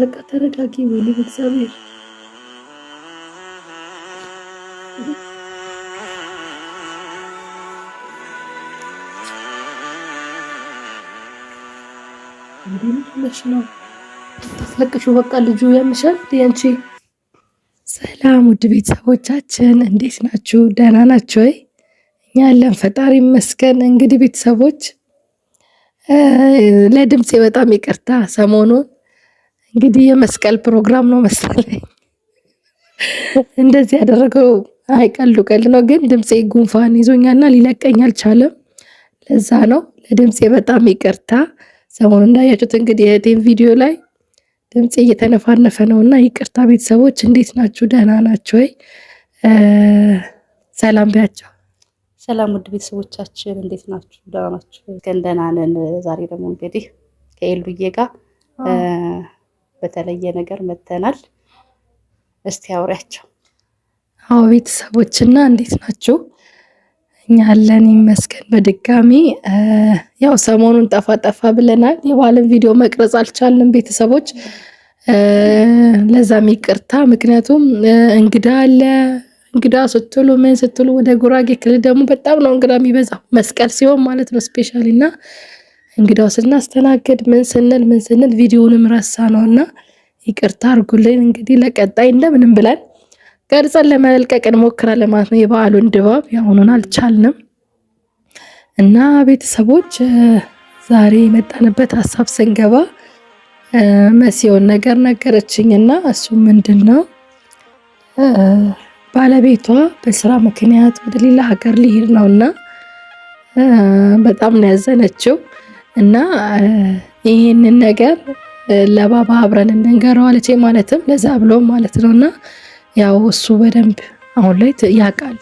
በቃ ተረጋጊ። ወይ በእግዚአብሔር እንዲምሽ ነው ታስለቅሹ። በቃ ልጁ ያምሻል ያንቺ። ሰላም ውድ ቤተሰቦቻችን እንዴት ናችሁ? ደህና ናችሁ ወይ? እኛ ያለን ፈጣሪ ይመስገን። እንግዲህ ቤተሰቦች ለድምፄ በጣም ይቅርታ ሰሞኑን እንግዲህ የመስቀል ፕሮግራም ነው መሰለኝ እንደዚህ ያደረገው። አይቀሉ ቀል ነው፣ ግን ድምፄ ጉንፋን ይዞኛልና ሊለቀኝ አልቻለም። ለዛ ነው ለድምፄ በጣም ይቅርታ። ሰሞኑ እንዳያችሁት እንግዲህ የእህቴን ቪዲዮ ላይ ድምፄ እየተነፋነፈ ነው እና ይቅርታ። ቤተሰቦች እንዴት ናችሁ? ደህና ናችሁ ወይ? ሰላም ቢያቸው። ሰላም ውድ ቤተሰቦቻችን እንዴት ናችሁ? ደህና ናችሁ? ግን ደህና ነን። ዛሬ ደግሞ እንግዲህ ከኤሉዬ ጋር በተለየ ነገር መተናል። እስቲ አውሪያቸው። አዎ ቤተሰቦችና እንዴት ናችሁ? እኛ አለን ይመስገን። በድጋሚ ያው ሰሞኑን ጠፋ ጠፋ ብለናል። የበዓልን ቪዲዮ መቅረጽ አልቻልንም ቤተሰቦች፣ ለዛም ይቅርታ። ምክንያቱም እንግዳ አለ። እንግዳ ስትሉ ምን ስትሉ ወደ ጉራጌ ክልል ደግሞ በጣም ነው እንግዳ የሚበዛው መስቀል ሲሆን ማለት ነው ስፔሻሊ እና እንግዳው ስናስተናግድ ምን ስንል ምን ስንል ቪዲዮንም ረሳ ነው እና ይቅርታ አድርጉልን። እንግዲህ ለቀጣይ እንደምንም ብለን ቀርጸን ለመልቀቅ እንሞክራለን ማለት ነው። የበዓሉን ድባብ ያሁኑን አልቻልንም እና ቤተሰቦች ዛሬ የመጣንበት ሀሳብ ስንገባ መሲዮን ነገር ነገረችኝ እና እሱ ምንድን ነው ባለቤቷ በስራ ምክንያት ወደ ሌላ ሀገር ሊሄድ ነው እና በጣም ነው ያዘነችው። እና ይህንን ነገር ለባባ አብረን እንንገረው ማለትም ለዛ ብሎ ማለት ነው። እና ያው እሱ በደንብ አሁን ላይ ያውቃል፣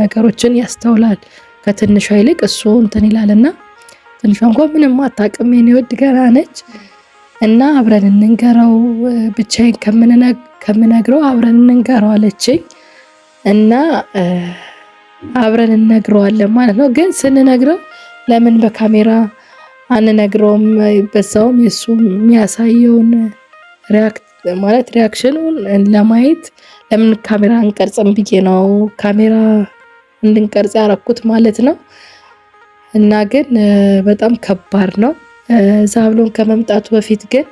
ነገሮችን ያስተውላል። ከትንሿ ይልቅ እሱ እንትን ይላል እና ትንሿ እንኳ ምንም አታውቅም፣ የኔ ውድ ገና ነች። እና አብረን እንንገረው ብቻዬን ከምነግረው አብረን እንንገረው አለችኝ። እና አብረን እንነግረዋለን ማለት ነው። ግን ስንነግረው ለምን በካሜራ አንነግረውም። በዛውም የሱ የሚያሳየውን ማለት ሪያክሽኑን ለማየት ለምን ካሜራ እንቀርጽም ብዬ ነው ካሜራ እንድንቀርጽ ያረኩት ማለት ነው። እና ግን በጣም ከባድ ነው። ዛብሎን ከመምጣቱ በፊት ግን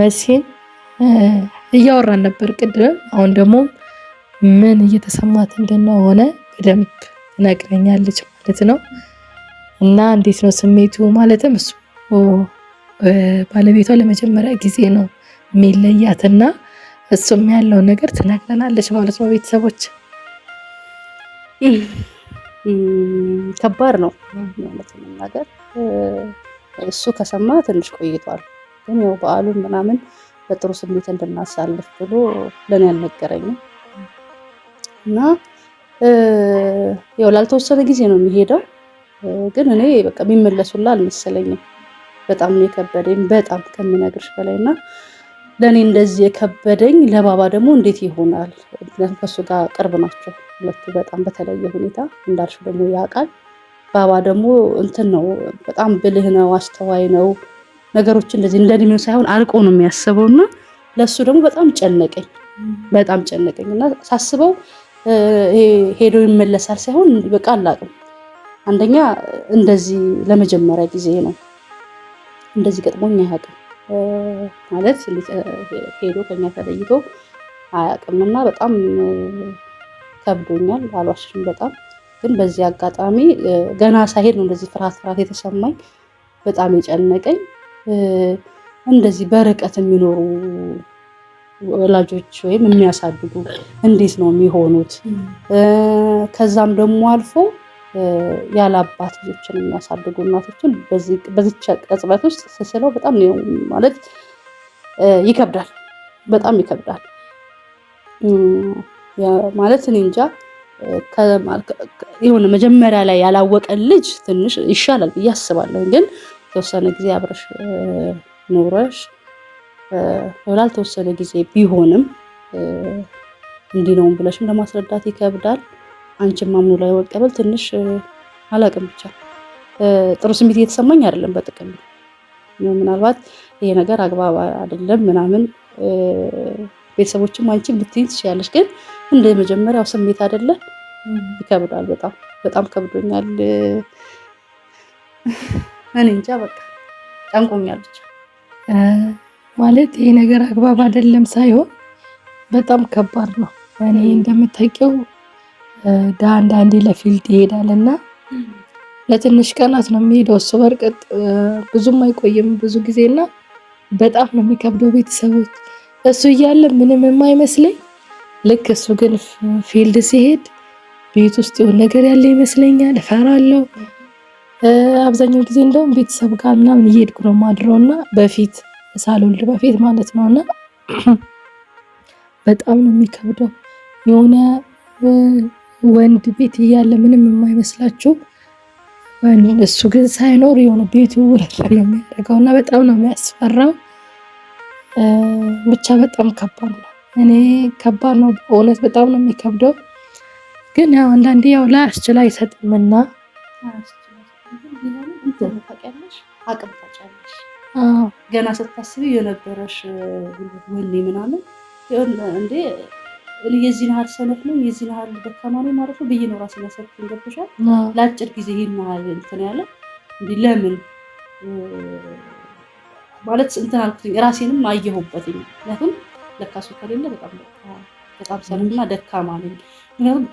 መሲን እያወራን ነበር ቅድም። አሁን ደግሞ ምን እየተሰማት እንደሆነ በደንብ ትነግረኛለች ማለት ነው። እና እንዴት ነው ስሜቱ? ማለትም እሱ ባለቤቷ ለመጀመሪያ ጊዜ ነው የሚለያትና እሱም ያለው ነገር ትነግረናለች ማለት ነው። ቤተሰቦች ከባድ ነው ማለት መናገር። እሱ ከሰማ ትንሽ ቆይቷል፣ ግን ያው በዓሉን ምናምን በጥሩ ስሜት እንድናሳልፍ ብሎ ለእኔ አልነገረኝም እና ያው ላልተወሰነ ጊዜ ነው የሚሄደው ግን እኔ በቃ የሚመለሱላ አልመሰለኝም። በጣም ነው የከበደኝ፣ በጣም ከምነግርሽ በላይ እና ለእኔ እንደዚህ የከበደኝ ለባባ ደግሞ እንዴት ይሆናል? ምክንያቱም ከእሱ ጋር ቅርብ ናቸው ሁለቱ በጣም በተለየ ሁኔታ እንዳልሽ ደግሞ ያውቃል። ባባ ደግሞ እንትን ነው በጣም ብልህ ነው፣ አስተዋይ ነው። ነገሮች እንደዚህ እንደ እድሜው ሳይሆን አልቆ ነው የሚያስበው እና ለእሱ ደግሞ በጣም ጨነቀኝ፣ በጣም ጨነቀኝ እና ሳስበው ሄዶ ይመለሳል ሳይሆን በቃ አላቅም አንደኛ እንደዚህ ለመጀመሪያ ጊዜ ነው እንደዚህ ገጥሞኝ አያውቅም። ማለት ሄዶ ከኛ ተለይቶ አያውቅምና በጣም ከብዶኛል። አሏሽም በጣም ግን በዚህ አጋጣሚ ገና ሳሄድ ነው እንደዚህ ፍርሃት ፍርሃት የተሰማኝ በጣም የጨነቀኝ እንደዚህ በርቀት የሚኖሩ ወላጆች ወይም የሚያሳድጉ እንዴት ነው የሚሆኑት? ከዛም ደግሞ አልፎ ያለ አባት ልጆችን የሚያሳድጉ እናቶችን በዚች ቅጽበት ውስጥ ስስለው በጣም ማለት ይከብዳል፣ በጣም ይከብዳል። ማለት እኔ እንጃ የሆነ መጀመሪያ ላይ ያላወቀን ልጅ ትንሽ ይሻላል ብዬ አስባለሁ። ግን የተወሰነ ጊዜ አብረሽ ኖረሽ ላልተወሰነ ጊዜ ቢሆንም እንዲህ ነውም ብለሽም ለማስረዳት ይከብዳል። አንቺን ማምኖ ላይ መቀበል ትንሽ አላቅም ብቻ ጥሩ ስሜት እየተሰማኝ አይደለም። በጥቅም ምናልባት ይሄ ነገር አግባብ አይደለም ምናምን ቤተሰቦችም አንቺም ልትይኝ ትችያለሽ፣ ግን እንደ መጀመሪያው ስሜት አይደለ ይከብዳል። በጣም በጣም ከብዶኛል። እኔ እንጃ በቃ ጨንቆኛል ብቻ ማለት ይሄ ነገር አግባብ አይደለም ሳይሆን በጣም ከባድ ነው። እኔ እንደምታውቂው አንዳንዴ ለፊልድ ይሄዳል እና ለትንሽ ቀናት ነው የሚሄደው እሱ በርቀት ብዙም አይቆይም ብዙ ጊዜ እና በጣም ነው የሚከብደው። ቤተሰቦች እሱ እያለ ምንም የማይመስለኝ ልክ እሱ ግን ፊልድ ሲሄድ ቤት ውስጥ የሆነ ነገር ያለ ይመስለኛል፣ እፈራለሁ። አብዛኛው ጊዜ እንደውም ቤተሰብ ጋር ምናምን እየሄድኩ ነው ማድረው እና በፊት ሳልወልድ በፊት ማለት ነው እና በጣም ነው የሚከብደው የሆነ ወንድ ቤት እያለ ምንም የማይመስላችሁ እሱ ግን ሳይኖር የሆነ ቤቱ ውለታ ነው የሚያደርገው እና በጣም ነው የሚያስፈራው። ብቻ በጣም ከባድ ነው። እኔ ከባድ ነው በእውነት በጣም ነው የሚከብደው። ግን ያው አንዳንዴ ያው ላይ አስችል ታጫለሽ። ገና ስታስቢ የነበረሽ ወኔ ምናምን እንዴ የዚህን ያህል ሰነፍ ነው የዚህን ያህል ደካማ ነው ማለት ነው ብዬ ነው ራሴን ያሰብኩኝ። ገብቶሻል? ለአጭር ጊዜ ይህን ያህል እንትን ያለ እንዲ ለምን ማለት እንትን አልኩትኝ። ራሴንም አየሁበትኝ። ምክንያቱም ለካ እሱ ከሌለ በጣም በጣም ሰነፍና ደካማ ነኝ። ምክንያቱም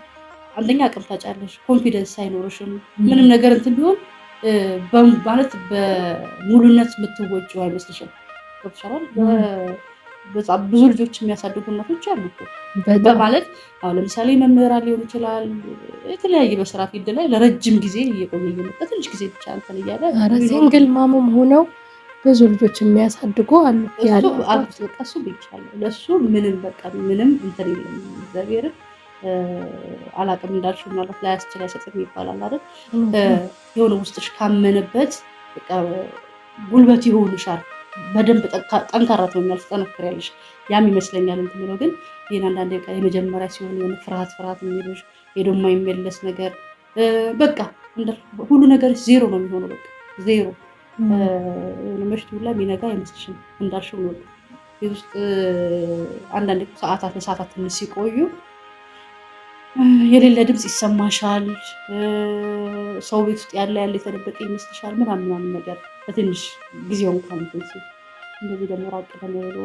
አንደኛ አቅም ታጫለሽ፣ ኮንፊደንስ አይኖርሽም። ምንም ነገር እንትን ቢሆን ማለት በሙሉነት የምትወጪው አይመስልሽም። ገብቶሻል? ብዙ ልጆች የሚያሳድጉ እናቶች አሉ በማለት አሁን ለምሳሌ መምህራ ሊሆን ይችላል። የተለያየ በስራ ፊልድ ላይ ለረጅም ጊዜ እየቆየ እየመጣ ትንሽ ጊዜ ብቻ እንትን እያለ ሲንግል ማሞም ሆነው ብዙ ልጆች የሚያሳድጉ አሉ። እሱ ብቻለ ለእሱ ምንም በቃ ምንም እንትን የለም እግዚአብሔር አላቅም እንዳልሽ ማለት ላይ አስችል አይሰጥም ይባላል አይደል? የሆነ ውስጥሽ ካመነበት ጉልበት ይሆንሻል። በደንብ ጠንካራ ትሆናለሽ፣ ትጠነክሪያለሽ። ያም ይመስለኛል እንትን ብሎ ግን ይህን አንዳንድ በቃ የመጀመሪያ ሲሆን የሆነ ፍርሃት ፍርሃት የሚሉሽ የደማ የሚመለስ ነገር በቃ ሁሉ ነገር ዜሮ ነው የሚሆነው። በቃ ዜሮ መሽቱ ሁላ ሚነጋ አይመስልሽም እንዳልሽው ነው። ቤት ውስጥ አንዳንድ ሰዓታት ለሰዓታት ትንሽ ሲቆዩ የሌለ ድምፅ ይሰማሻል። ሰው ቤት ውስጥ ያለ ያለ የተደበቀ ይመስልሻል ምናምን ምናምን ነገር በትንሽ ጊዜው እንኳን ሲ እንደዚህ ደግሞ ራቅ ተመሮ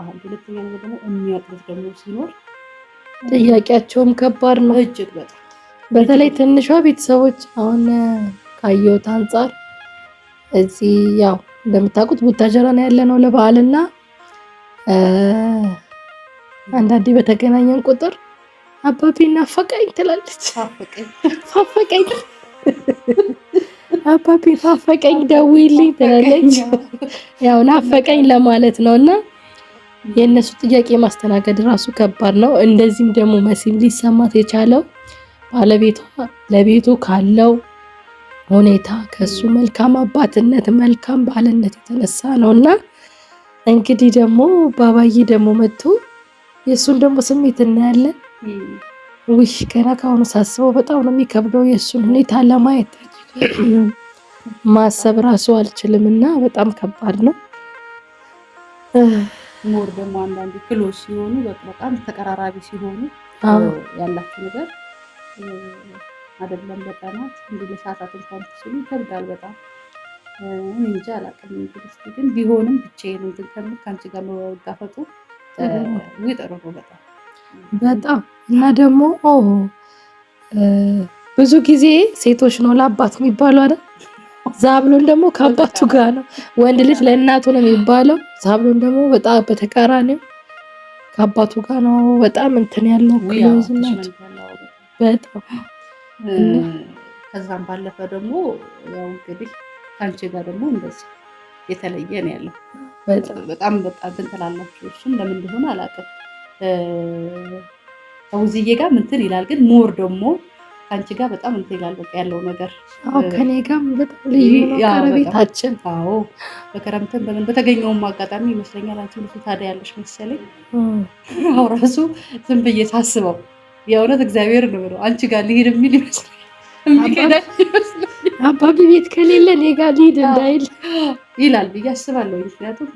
አሁን ሁለተኛ ነገር ደግሞ የሚያጥበት ደግሞ ሲኖር ጥያቄያቸውም ከባድ ነው እጅግ በጣም በተለይ ትንሿ ቤተሰቦች አሁን ካየሁት አንጻር እዚህ ያው እንደምታውቁት ቡታጀራ ነው ያለ ነው ለበዓልና አንዳንዴ በተገናኘን ቁጥር አባቢ እናፈቀኝ ትላለች። ፋፈቀኝ አፓፒ ናፈቀኝ ደውይልኝ ትላለች። ያው ናፈቀኝ ለማለት ነው እና የእነሱ ጥያቄ ማስተናገድ ራሱ ከባድ ነው። እንደዚህም ደግሞ መሲም ሊሰማት የቻለው ባለቤቷ ለቤቱ ካለው ሁኔታ ከሱ መልካም አባትነት መልካም ባልነት የተነሳ ነው እና እንግዲህ ደግሞ ባባዬ ደግሞ መጥቶ የእሱን ደግሞ ስሜት እናያለን። ውሽ ገና ከአሁኑ ሳስበው በጣም ነው የሚከብደው የእሱን ሁኔታ ለማየት ማሰብ ራሱ አልችልም እና በጣም ከባድ ነው። ሞር ደግሞ አንዳንድ ክሎስ ሲሆኑ በጣም ተቀራራቢ ሲሆኑ ያላችሁ ነገር አይደለም በቀናት እንዲ ለሰዓታት እንኳን ሲሉ ይከብዳል በጣም እኔ እንጃ አላውቅም። ዩኒቨርስቲ ግን ቢሆንም ብቻዬን እንትን ከምል ከአንቺ ጋር መጋፈጡ ነው በጣም በጣም እና ደግሞ ብዙ ጊዜ ሴቶች ነው ለአባት የሚባሉ አለ። ዛብሎን ደግሞ ከአባቱ ጋር ነው። ወንድ ልጅ ለእናቱ ነው የሚባለው። ዛብሎን ደግሞ በጣም በተቃራኒው ከአባቱ ጋር ነው። በጣም እንትን ያለው ክሎዝነቱ በጣም ከዛም ባለፈ ደግሞ ያው እንግዲህ ከአንቺ ጋር ደግሞ እንደዚህ የተለየ ነው ያለው። በጣም በጣም ትንተላላችሁ። እሱም ለምን እንደሆነ አላውቅም። ከውዝዬ ጋር ምንትን ይላል፣ ግን ሞር ደግሞ ከአንቺ ጋር በጣም እንትን ይላል በቃ ያለው ነገር ከኔ ጋርም በጣም ልዩ ቀረቤታችን። አዎ በከረምትን በምን በተገኘውም አጋጣሚ ይመስለኛል አንቺ ብዙ ታዲያ ያለሽ መሰለኝ። አሁ ራሱ ዝም ብዬ ሳስበው የእውነት እግዚአብሔር ነው ብለው አንቺ ጋር ሊሄድ የሚል ይመስላል አባቢ ቤት ከሌለ እኔ ጋር ሊሄድ እንዳይል ይላል ብዬ አስባለሁ። ምክንያቱም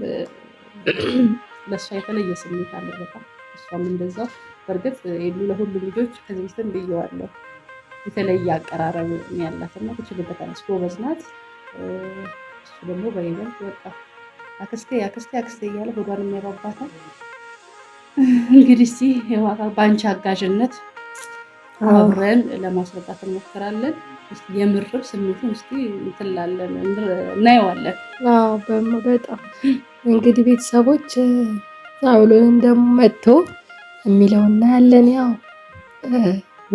ለእሷ የተለየ ስሜት አለ በጣም እሷም እንደዛው። በእርግጥ የሉ ለሁሉም ልጆች ከዚህ በፊትም ብየዋለሁ የተለየ አቀራረብ እና ትችልበታለች። ጎበዝ ናት። እሱ ደግሞ በይበልጥ በቃ አክስቴ አክስቴ አክስቴ እያለ ሆዷን የሚያባባታል። እንግዲህ ሲ በአንቺ አጋዥነት አብረን ለማስረዳት እንሞክራለን። የምርብ ስሜቱን እስኪ እንትላለን እናየዋለን። በጣም እንግዲህ ቤተሰቦች ሳውሎንም ደግሞ መጥቶ የሚለው እናያለን። ያው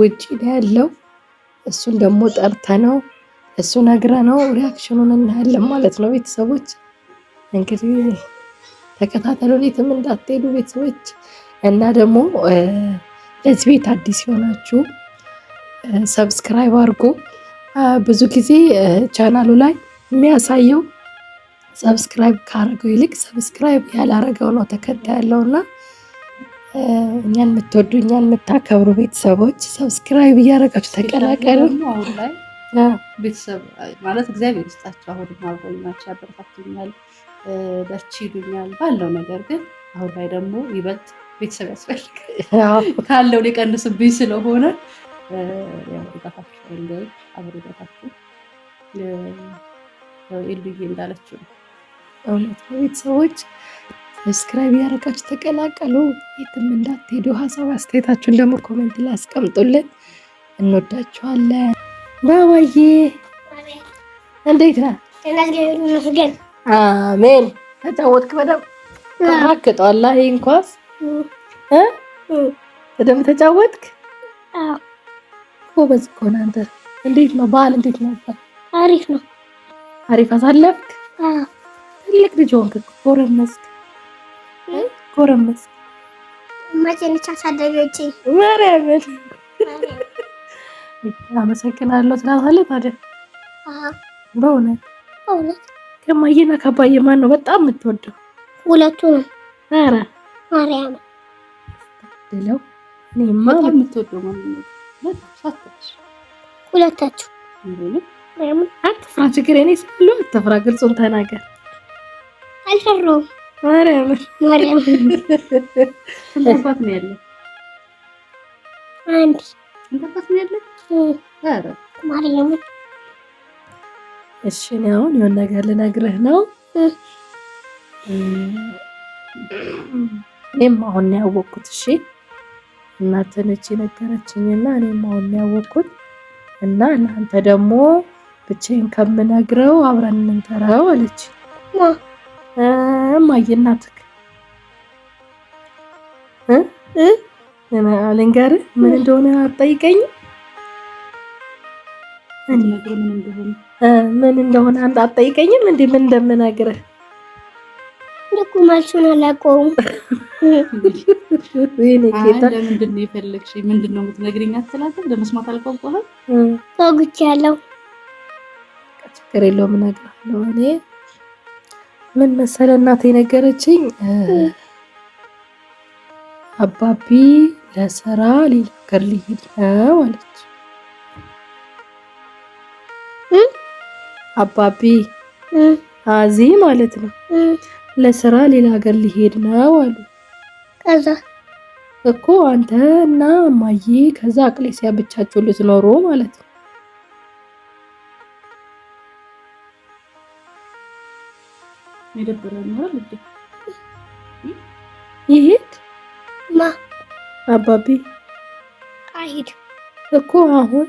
ውጭ ያለው እሱን ደግሞ ነው እሱ ነው ሪያክሽኑን እናያለን ማለት ነው። ቤተሰቦች እንግዲህ ተከታተሉ፣ የትም እንዳትሄዱ ቤተሰቦች። እና ደግሞ ለዚህ ቤት አዲስ የሆናችሁ ሰብስክራይብ አድርጎ ብዙ ጊዜ ቻናሉ ላይ የሚያሳየው ሰብስክራይብ ካረገው ይልቅ ሰብስክራይብ ያላረገው ነው ተከታይ ያለውና እኛን የምትወዱ እኛን የምታከብሩ ቤተሰቦች ሰብስክራይብ እያደረጋችሁ ተቀላቀሉ። ቤተሰብ ማለት እግዚአብሔር ይስጣቸው። አሁን አብረው ናቸው፣ ያበረታቱኛል፣ በርቺ ይሉኛል ባለው ነገር ግን አሁን ላይ ደግሞ ይበልጥ ቤተሰብ ያስፈልግ ካለው ሊቀንስብኝ ስለሆነ ዳታቸው ላይ አብሮ ዳታችሁ እንዳለችው ነው እውነት ቤተሰቦች ሰብስክራይብ ያደረጋችሁ ተቀላቀሉ። የትም እንዳትሄዱ። ሀሳብ አስተያየታችሁን ደግሞ ኮሜንት ላይ አስቀምጡልን። እንወዳችኋለን። ባባዬ እንዴት ነህ? አሜን። ተጫወትክ በደምብ አክጧላ። ይሄን ኳስ በደምብ ተጫወትክ። ጎበዝ እኮ ነህ አንተ። እንዴት ነው በዓል? እንዴት ነበር? አሪፍ ነው። አሪፍ አሳለፍክ? ትልቅ ልጅ ሆንክ፣ ጎረመስክ ጎረመስ ማጀነቻ ሳደገች ማርያም አመሰግናለሁ ትላታለች። ታዲያ በእውነት በእውነት ከማየና ካባዬ ማን ነው በጣም የምትወደው? ሁለቱ ነው። ኧረ ማርያም ለው እኔማ የምትወደው ሁለታችሁ አትፍራ፣ ችግር የኔ ስለው አትፍራ፣ ግልጹን ተናገር። አልፈራሁም ማርያም ማርያም ስንት አባት ነው ያለ? አንድ ስንት አባት ነው ያለ? ኧረ ማርያም። እሺ አሁን የሆነ ነገር ልነግርህ ነው። እኔም አሁን ነው ያወቅኩት። እሺ እናትህ ነች የነገረችኝና እኔም አሁን ነው ያወቅኩት እና እናንተ ደግሞ ብቻዬን ከምነግረው አብረን እንንተራው አለች። እማዬ እናትህ እ ምን እንደሆነ አትጠይቀኝም። ምን እንደሆነ አትጠይቀኝም። እንደ ምን እንደምነግርህ እኮ ማልሽውን አላውቀውም። ወይኔ ነው የፈለግሽ? ምንድን ነው የምትነግሪኝ? አትላትም ለመስማት አልቋቋህም። ተወግቻለሁ። ችግር የለውም እነግርሃለሁ እኔ ምን መሰለ እናት የነገረችኝ አባቢ ለስራ ሌላ ሀገር ሊሄድ ነው አለች። አባቢ አዚ ማለት ነው ለስራ ሌላ ሀገር ሊሄድ ነው አሉ። ከዛ እኮ አንተ እና እማዬ ከዛ አቅሌሲያ ብቻቸው ልትኖሩ ማለት ነው የደበረ ኖራል ይሄድ ማ አባቢ አይሄድ እኮ አሁን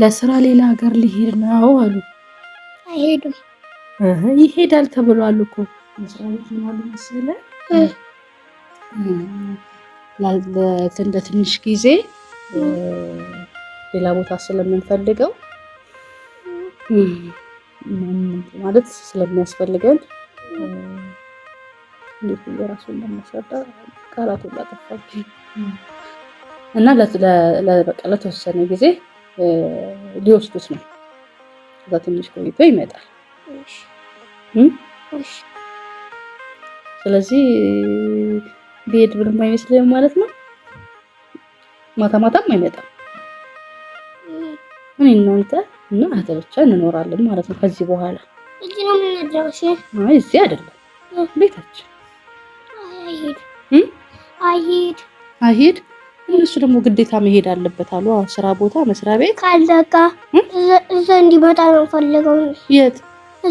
ለስራ ሌላ ሀገር ሊሄድ ነው አሉ። አይሄድም ይሄዳል ተብሏል እኮ መስሪያ ትንሽ ጊዜ ሌላ ቦታ ስለምንፈልገው ማለት ስለሚያስፈልገን እንዴት የራሱ እንደማስረዳ ቃላት ሁላ ጠፋብኝ እና ለተወሰነ ጊዜ ሊወስዱት ነው። እዛ ትንሽ ቆይቶ ይመጣል። ስለዚህ ብሄድ ብልም አይመስልም ማለት ነው። ማታ ማታም አይመጣም። እኔ እናንተ እና አንተ ብቻ እንኖራለን ማለት ነው ከዚህ በኋላ እዚህ አይደለም ቤታችን አይሄድ እነሱ ደግሞ ግዴታ መሄድ አለበት አሉ። ስራ ቦታ መስሪያ ቤት ካለቃ እዛ እንዲመጣ ነው ፈልገው። የት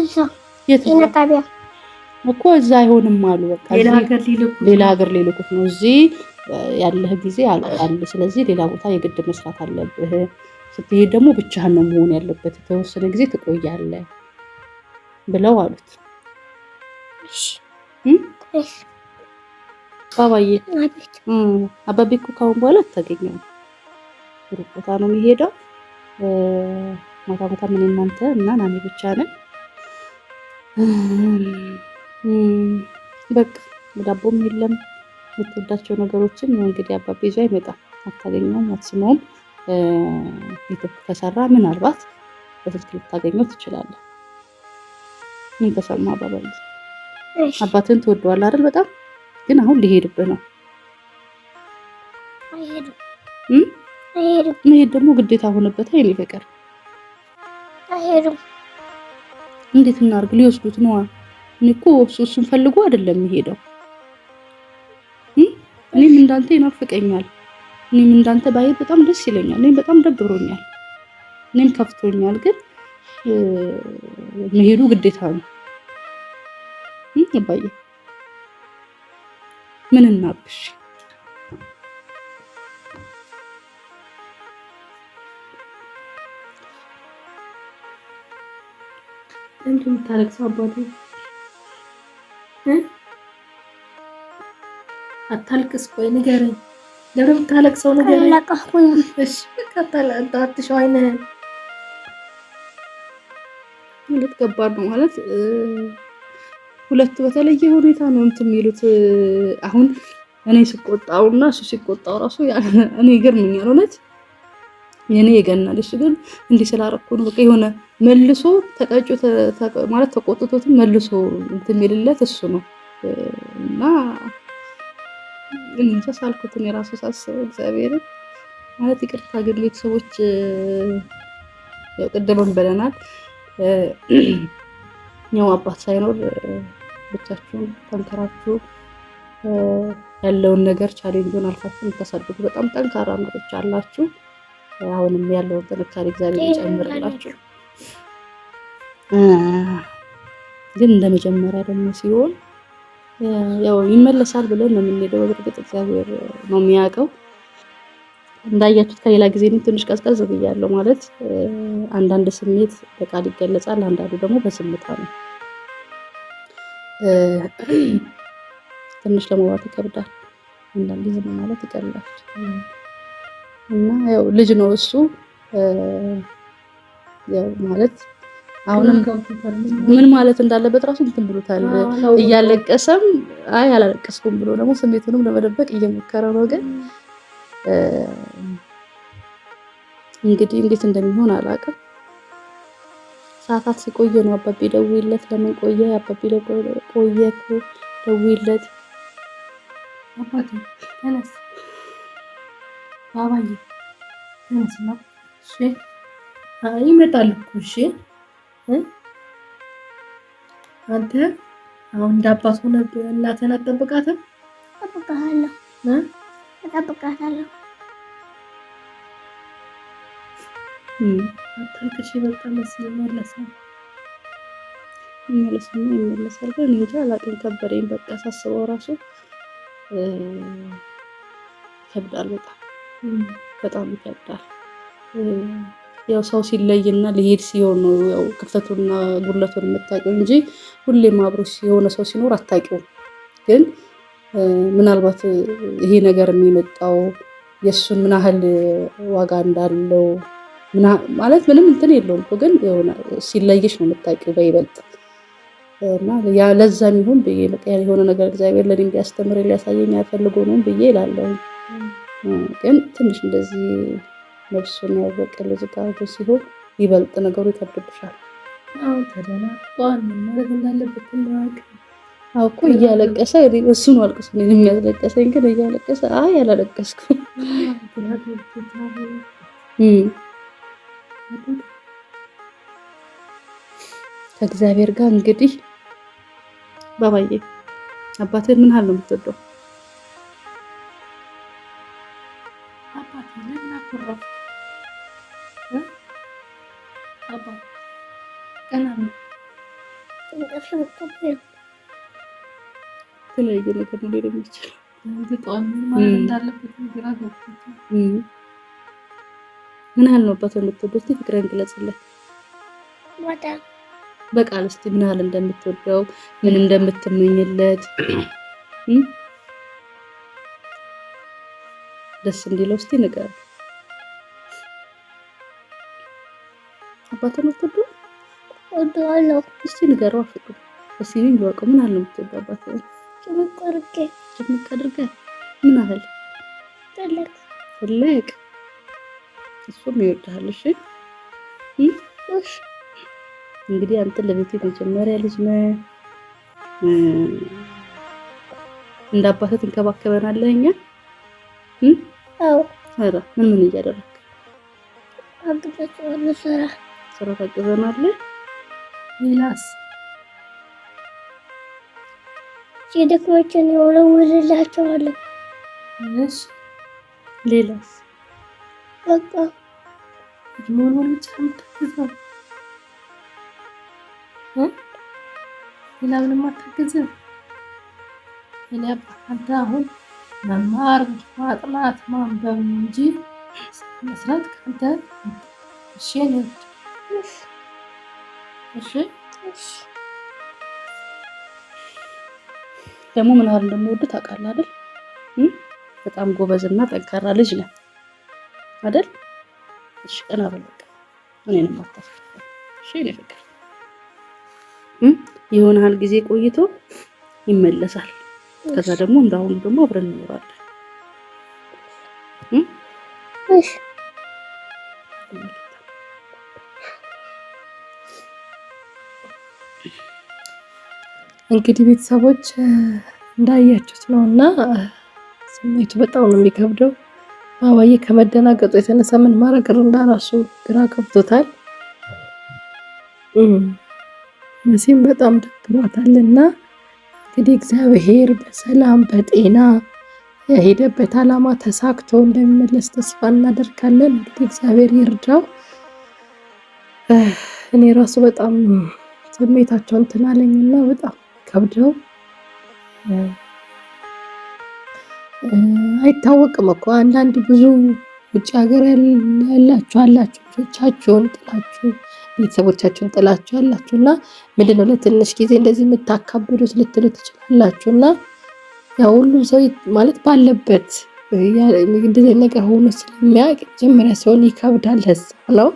እዛ የት ጣቢያ እኮ እዛ አይሆንም አሉ። በቃ ሌላ ሀገር ሊልኩት ነው። እዚህ ያለህ ጊዜ አልቃል። ስለዚህ ሌላ ቦታ የግድ መስራት አለብህ። ስትሄድ ደግሞ ብቻህን ነው መሆን ያለበት። የተወሰነ ጊዜ ትቆያለህ ብለው አሉት። አባዬ አባቤ እኮ ካሁን በኋላ አታገኘውም። ሩቅ ቦታ ነው የሚሄደው። ማታ ማታ ምን እናንተ እና ናኒ ብቻ ነን። በቃ ዳቦም የለም የምትወዳቸው ነገሮችም እንግዲህ አባቤ ይዞ አይመጣም። አታገኘውም፣ አትስመውም። ዩቱብ ከሰራ ምናልባት በስልክ ልታገኘው ትችላለህ። ምን ተሰማ አባባዬ? አባትን ትወደዋለህ አይደል? በጣም ግን አሁን ሊሄድብህ ነው። መሄድ ደግሞ ግዴታ ሆነበት። የኔ ፍቅር እንዴት እናርግ? ሊወስዱት ነዋ። እኔ እኮ እሱ እሱን ፈልጎ አይደለም የሚሄደው። እኔም እንዳንተ ይናፍቀኛል። እኔም እንዳንተ ባየት በጣም ደስ ይለኛል። እኔም በጣም ደብሮኛል። እኔም ከፍቶኛል። ግን መሄዱ ግዴታ ነው አባዬ ምን እናብሽ? እንትን የምታለቅሰው አባቴ አታልቅስ። ቆይ ንገረኝ፣ ለምን የምታለቅሰው ንገረኝ። እሺ በቃ አትሸው አይነህን። ከባድ ነው ማለት ሁለቱ በተለየ ሁኔታ ነው እንትን የሚሉት አሁን እኔ ስቆጣው ስቆጣውና እሱ ሲቆጣው ራሱ እኔ ይገርምኛል። እውነት የኔ የገና እሱ ግን እንዲህ ስላረኩ ነው በቃ የሆነ መልሶ ተቀጭ ማለት ተቆጥቶትም መልሶ እንትን የሚልለት እሱ ነው እና እንጃ ሳልኩትን የራሱ ሳስበው እግዚአብሔር ማለት ይቅርታ ግን ቤተሰቦች ያው ቅድምም ብለናል ያው አባት ሳይኖር ብቻችሁን ጠንከራችሁ ያለውን ነገር ቻሌንጁን አልፋችሁ የምታሳድጉ በጣም ጠንካራ ኖሮች አላችሁ። አሁንም ያለውን ጥንካሬ እግዚአብሔር ይጨምርላችሁ። ግን እንደ መጀመሪያ ደግሞ ሲሆን ያው ይመለሳል ብለን ነው የምንሄደው። በእርግጥ እግዚአብሔር ነው የሚያውቀው። እንዳያችሁት ከሌላ ጊዜ ትንሽ ቀዝቀዝ ብያለሁ። ማለት አንዳንድ ስሜት በቃል ይገለጻል፣ አንዳንዱ ደግሞ በዝምታ ነው። ትንሽ ለመውራት ይከብዳል። አንዳንድ ዝም ማለት ይቀላል እና ያው ልጅ ነው እሱ ያው ማለት አሁንም ምን ማለት እንዳለበት ራሱ እንትን ብሎታል። እያለቀሰም አይ አላለቀስኩም ብሎ ደግሞ ስሜቱንም ለመደበቅ እየሞከረ ነው። ግን እንግዲህ እንዴት እንደሚሆን አላውቅም። ሰዓታት ሲቆየ ነው አባቢ ደውይለት፣ ለምን ቆየ? አባቢ ቆየ እኮ ደውይለት። ተነስ፣ ባባዬ ተነስ ነው። እሺ ይመጣል እኮ እሺ። አንተ አሁን እንደ አባት ሆነ እናትህን አትጠብቃትም? እጠብቃታለሁ እጠብቃታለሁ አታልቅሽ በቃ መስ ይመለሳል ይመለስና ይመለሳል። ግን እንጃ አላቅም ከበደኝ። በቃ ሳስበው ራሱ ይከብዳል። በጣም በጣም ይከብዳል። ያው ሰው ሲለይና ሊሄድ ሲሆን ነው ያው ክፍተቱና ጉለቱን የምታውቂው እንጂ ሁሌም አብሮ የሆነ ሰው ሲኖር አታውቂውም። ግን ምናልባት ይሄ ነገር የሚመጣው የእሱን ምን ያህል ዋጋ እንዳለው ማለት ምንም እንትን የለውም ግን ሲለይሽ ነው የምታውቂው በይበልጥ እና ለዛ የሚሆን ብዬ በቃ የሆነ ነገር እግዚአብሔር ለእኔ እንዲያስተምር ሊያሳየኝ ያፈልጎ ነው ብዬ እላለሁ። ግን ትንሽ እንደዚህ ነፍሱን ያወቀ ልጅ ጋር ሲሆን ይበልጥ ነገሩ ይከብድብሻል። አዎ እኮ እያለቀሰ እሱ ነው አልቅሶ የሚያስለቀሰኝ፣ ግን እያለቀሰ አይ አላለቀስኩም ከእግዚአብሔር ጋር እንግዲህ ባባዬ አባትህን ምን ያህል ነው የምትወደው? የተለያየ ነገር ነው ሊሆን የሚችል ምን ያህል ነው አባቷ እንደምትወደው? እስቲ ፍቅርን ግለጽለት በቃል እስቲ ምን ያህል እንደምትወደው ምን እንደምትመኝለት ደስ እንዲለው እስቲ ንገር። አባቷን የምትወደው እወደዋለሁ። እስቲ ንገረው። ፍቅር እስቲ ምን ይወርቁ ምን ያህል ነው የምትወደው አባቷን? ጭምቅ አድርገህ ምን ያህል ትልቅ እሱም ይወድሃል። እሺ እሺ። እንግዲህ አንተ ለቤቴ መጀመሪያ ልጅ ነህ። እንደ አባትህ ትንከባከበናለህ። እኛ አዎ። ኧረ ምን ምን እያደረግህ አግዛችኋለሁ። ስራ ስራ ታግዘናለህ። ሌላስ የደክሞችን የወለውልላቸዋለሁ። እሺ ሌላስ በቃ መሆን ብቻ የምታግዘው ሌላ ምንም አታግዝም። እኔ አባካንተ አሁን መማር ማጥናት ማንበብ ነው እንጂ መስራት ከአንተ እሺ እሺ እሺ ደግሞ ምን ያህል እንደምወድ ታውቃለህ አይደል? በጣም ጎበዝና ጠንካራ ልጅ ነህ። አደል? እሺ ቀና በለቀ እኔንም አታስፈራ። እሺ እኔ ፍቅር የሆነሃል ጊዜ ቆይቶ ይመለሳል። ከዛ ደግሞ እንዳሁኑ ደግሞ አብረን እንኖራለን። እሺ እንግዲህ ቤተሰቦች እንዳያችሁት ነው እና ስሜቱ በጣም ነው የሚከብደው። አባዬ ከመደናገጡ የተነሳ ምን ማድረግ እንዳራሱ ግራ ገብቶታል። መሲም በጣም ደብሯታል እና እንግዲህ እግዚአብሔር በሰላም በጤና የሄደበት ዓላማ ተሳክቶ እንደሚመለስ ተስፋ እናደርጋለን። እንግዲህ እግዚአብሔር ይርዳው። እኔ ራሱ በጣም ስሜታቸውን ትናለኝና በጣም ከብደው አይታወቅም እኮ አንዳንድ ብዙ ውጭ ሀገር ያላችሁ አላችሁ ልጆቻችሁን ጥላችሁ ቤተሰቦቻችሁን ጥላችሁ ያላችሁ እና ምንድን ለትንሽ ጊዜ እንደዚህ የምታካብዱት ልትሉ ትችላላችሁ። እና ያው ሁሉም ሰው ማለት ባለበት እንደዚህ ነገር ሆኖ ስለሚያውቅ መጀመሪያ ሲሆን ይከብዳል። ለዛ ነው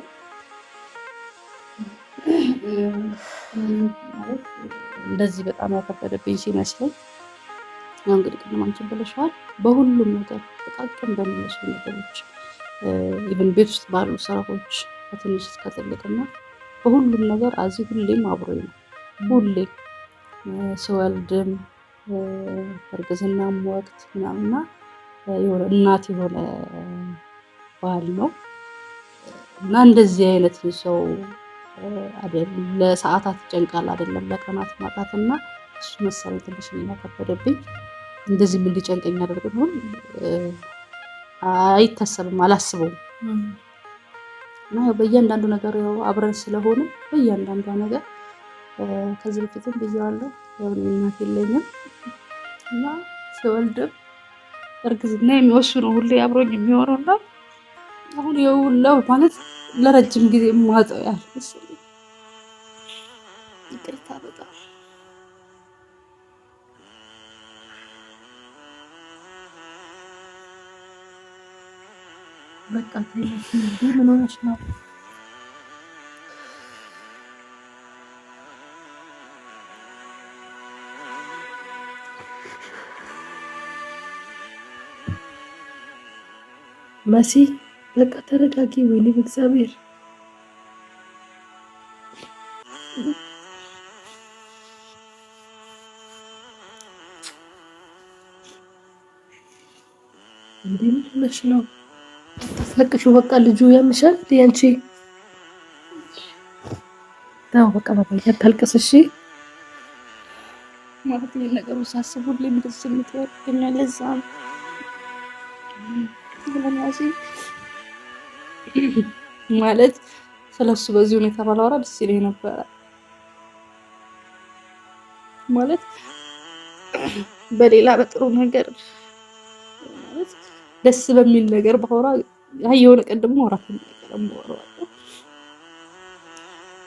እንደዚህ በጣም ያከበደብኝ ሲመስለኝ እንግዲህ ቅድም አንቺን ብለሽዋል በሁሉም ነገር ጥቃቅን በሚመስሉ ነገሮች ኢቨን ቤት ውስጥ ባሉ ስራዎች ከትንሽ እስከ ትልቅና በሁሉም ነገር አዚ ሁሌም አብሮኝ ነው። ሁሌ ስወልድም እርግዝናም ወቅት ምናምና እናት የሆነ ባህል ነው እና እንደዚህ አይነት ሰው ለሰዓታት ጨንቃል አይደለም ለቀናት ማጣትና እሱ መሰለኝ ትንሽ የሚያከበደብኝ እንደዚህ ምን ሊጨንቀኝ ያደርግ ቢሆን አይታሰብም፣ አላስበውም። እና ያው በእያንዳንዱ ነገር ያው አብረን ስለሆነ በእያንዳንዷ ነገር ከዚህ በፊትም ብያዋለሁ። ያው እናት የለኝም እና ሲወልድም እርግዝና የሚወስኑ ሁሌ አብሮኝ የሚሆነው እና አሁን የውለው ማለት ለረጅም ጊዜ ማጠው ያል ይቅርታ በጣም በቃ ምን ሆነች ነው? መሲ በቃ ተረጋጊ። ወይኔ በእግዚአብሔር እንዴ ምን ሆነሽ ነው? አታስለቅሽው። በቃ ልጁ ያምሻል። ያንቺ ታው በቃ ባባ አታልቅስ። እሺ ማለት ይሄ ነገሩ ሳስብ ሁሌም ደስ የምትወርድና ለዛ ማለት ስለሱ በዚህ ሁኔታ ባላወራ ደስ ይለኝ ነበረ። ማለት በሌላ በጥሩ ነገር ማለት ደስ በሚል ነገር ባወራ የሆነ ቀን ደግሞ ወራት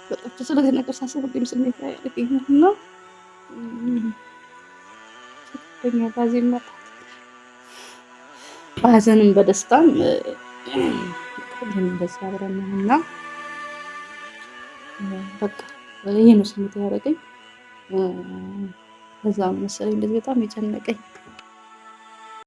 በጣም ስለዚህ ነገር ሳስብ ሁሌም ስሜት ያደገኛልና ከፍተኛ ባዜ መጣት በሀዘንም በደስታም እንደዚህ አብረን እና በቃ ይህ ነው ስሜት ያደረገኝ። በዛ መሰለኝ እንደዚህ በጣም የጨነቀኝ